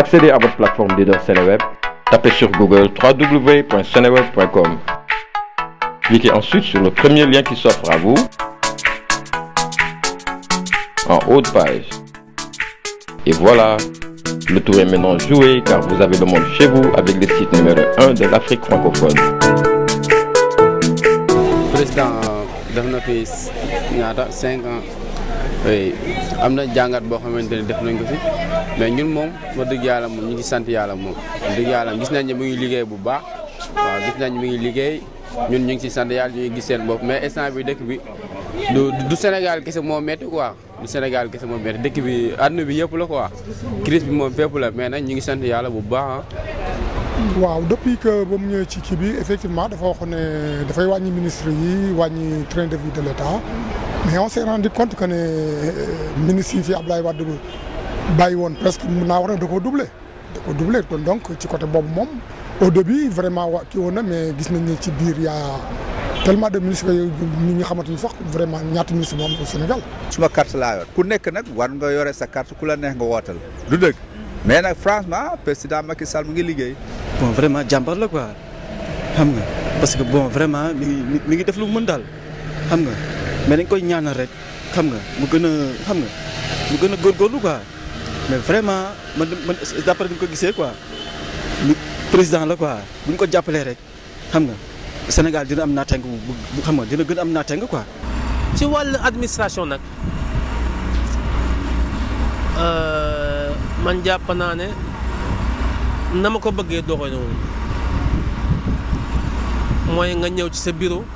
accéder à votre plateforme leader Sénéweb, tapez sur Google www.seneweb.com. Cliquez ensuite sur le premier lien qui s'offre à vous en haut de page. Et voilà, le tour est maintenant joué car vous avez le monde chez vous avec le site numéro 1 de l'Afrique francophone. def na fi ñaata cinq ans am na jàngat boo xamante ne def nañ ko fi mais ñun moom wax dëgg yàlla moom ñu ngi sant yàlla moom wax dëgg yàlla gis nañ ne mu ngi liggéey bu baax waaw gis nañ mu liggéey ñun ñu ngi ci sant yàlla ñu ngi gis seen bopp mais instant bi dëkk bi du du Sénégal kese moo métti quoi du Sénégal kese moom métti dëkk bi àdduna bi yëpp la quoi crise bi moom fépp la mais nag ñu ngi sant yàlla bu baax ah. waaw depuis que ba mu ñëwee ci kii bi effectivement dafa wax ne dafay wàññi ministre yi wàññi train de vie de l'État mais on s'est rendu compte que ne euh, ministres yi fi Abdoulaye Wade bàyyi presque mun naa wax ne da koo doublé da koo doublé kon donc ci côté boobu moom au début vraiment wa kii woon na mais gis nañ ne ci biir yaa tellement de ministres que ñi nga xamante ni sax vraiment ñaata ministre moo am au Sénégal. suma carte laa yor ku nekk nag war nga yore sa carte ku la neex nga wootal du dëgg mais nag franchement président Macky Sall mu ngi liggéey. bon vraiment jàmbar la quoi xam nga parce que bon vraiment mi ngi mi ngi def lu mu mën daal xam nga mais dañ koy ñaanal rek xam nga mu gën a xam nga mu gën a góorgóorlu mais vraiment ma man d'après bi ñu ko gisee quoi président la quoi bu ñu ko jàppalee rek xam nga Sénégal dina am naateng bu xam nga dina gën am naateng ko ci wàllu administration nag euh, man jàpp na ma ko bëggee doxee noonu mooy nga ñëw ci sa bureau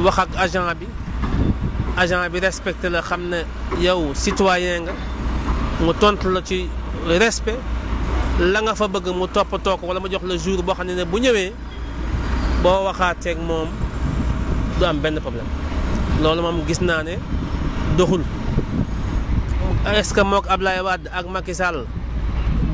wax ak agent bi agent bi respecté la xam ne yow citoyen nga mu tontu la ci respect la nga fa bëgg mu toppatoo ko wala mu jox la jour boo xam ne ne bu ñëwee boo waxaateeg moom du am benn problème loolu moom gis naa ne doxul est-ce que mook Ablaye Wade ak Macky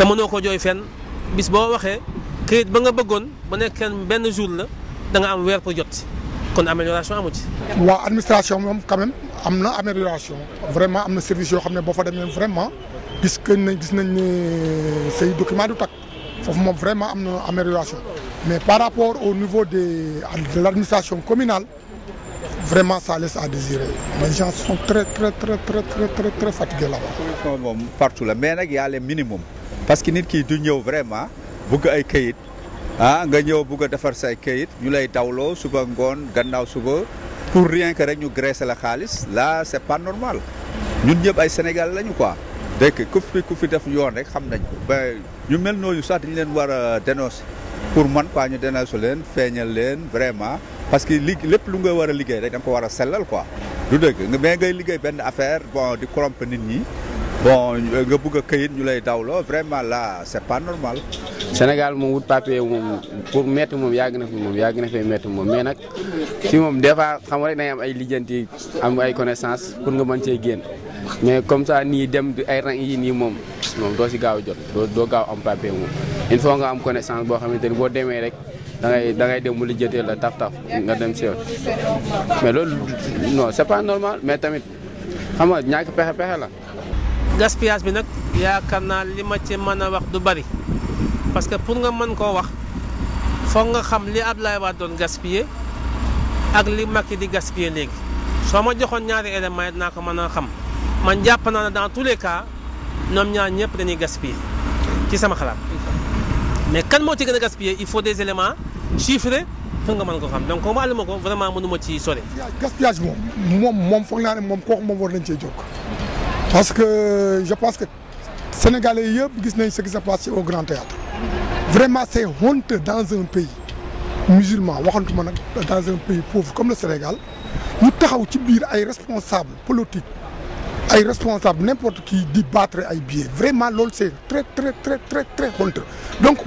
te mënoo ko jooy fenn bis boo waxee këyit ba nga bëggoon ba nekk benn jour la da nga am weer pour jot kon amélioration amu ci. waaw administration moom quand même am na amélioration vraiment am na service yoo xam ne boo fa demee vraiment gis que nañ gis nañ ne euh, say document du takk foofu moom vraiment am na amélioration mais par rapport au niveau des de l' administration communale vraiment ça laisse à désirer les gens sont très très très très très très, très fatigués là-bas. partout la mais nag y a les minimum. parce que nit ki du ñew vraiment bëgg ay kayit ah nga ñew bëgg a say kayit ñu lay tawlo suba ngoon gannaaw suba pour rien que rek ñu graisser la xaalis là c'est pas normal ñun ñëp ay Sénégal lañu quoi dégg ku fi ku fi def yoon rek xam nañ ko ba ñu mel nooñu sax dañ leen wara a dénoncer pour man quoi ñu dénoncer leen feeñal leen vraiment parce que li lu nga wara a liggéey rek da nga ko wara a sellal quoi du dëgg nga ngay liggéey ben affaire bon di corrompre nit ñi bon nga bëgg kayit këyit ñu lay loo vraiment la c'est pas normal. Sénégal moom wut papier moom pour métti moom yàgg na fi moom yàgg na fee métti moom mais nag si moom des fois xam rek na am ay lijjanti am ay connaissance pour nga mën cee génn comme ça nii dem ay rang yi nii moom moom doo si gaaw a jot doo doo gaaw am papier moom il faut nga am connaissance boo xamante ni boo demee rek. da da ngay dem mu lijjatee la taf nga dem si mais loolu non mais tamit xam nga ñàkk pexe pexe la. gaspillage bi nag yaakaar naa li ma ci mën a wax du bari parce que pour nga mën koo wax foog nga xam li Abdoulaye Wade doon gaspiller ak li Macky di gaspiller léegi soo ma joxoon ñaari éléments yi dinaa ko mën a xam man jàpp naa ne dans tous les cas ñoom ñaar ñëpp dañuy gaspiller ci sama xalaat. mais kan moo ci gën a gaspiller il faut des éléments chiffrés pour nga mën ko xam donc comme àlluma ko vraiment mënuma ci sore. gaspillage moom moom moom foog naa ne moom kooku moom war nañ parce que je pense que sénégalais ce qui s'est passé au Grand Théâtre vraiment c'est honte dans un pays musulman dans un pays pauvre comme le Sénégal nous avons des responsables politiques des responsables n'importe qui débattre, battre billets vraiment c'est très très très très très honte. donc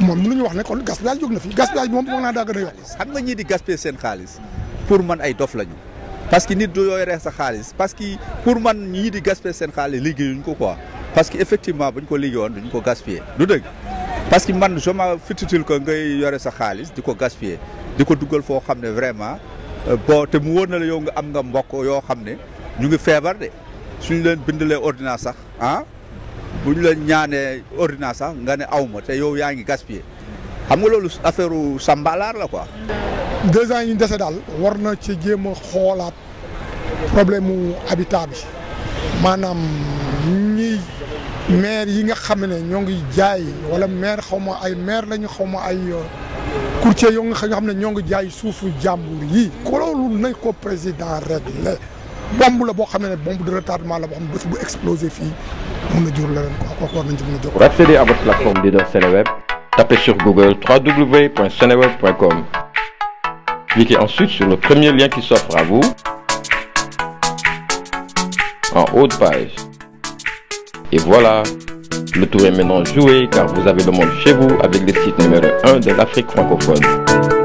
on gaspillage gaspillage pour man parce que nit du yore sa xaalis parce que pour man ñii di gaspiller seen xaalis liggéeyuñ ko quoi parce que effectivement buñ ko liggéeyoon duñ ko gaspiller du dëgg. parce que man je me fititul ko ngay yore sa xaalis di ko gaspiller di ko dugal foo xam ne vraiment euh, boo te mu wóor na la yow nga am nga mbokk yoo xam ne ñu ngi feebar de suñ leen bindalee ordonnance sax ah buñ leen ñaanee ordonnance sax nga ne aw ma te yow yaa ngi gaspiller. xam nga loolu affaire sambalaar la ko deux ans yi ñu dese daal war na ci jéem a xoolaat problème mu habitat bi maanaam ñi maire yi nga xam ne ñoo ngi jaay wala maire xaw ma ay maire lañu xaw ma ay euh, courtier yoo nga xam ne ñoo ngi jaay suufu jàmbur yi. ko loolu nañ ko président réglé bomb la boo xam ne bombe de retardement la boo xam ne bés bu explosé fii mun na jur leneen quoi kooku war nañ ci mun a jóg. pour accéder à votre plateforme leader Seneweb Tapez sur Google www.seneweb.com. Cliquez ensuite sur le premier lien qui s'offre à vous en haut de page. Et voilà, le tour est maintenant joué car vous avez le monde chez vous avec le site numéro 1 de l'Afrique francophone.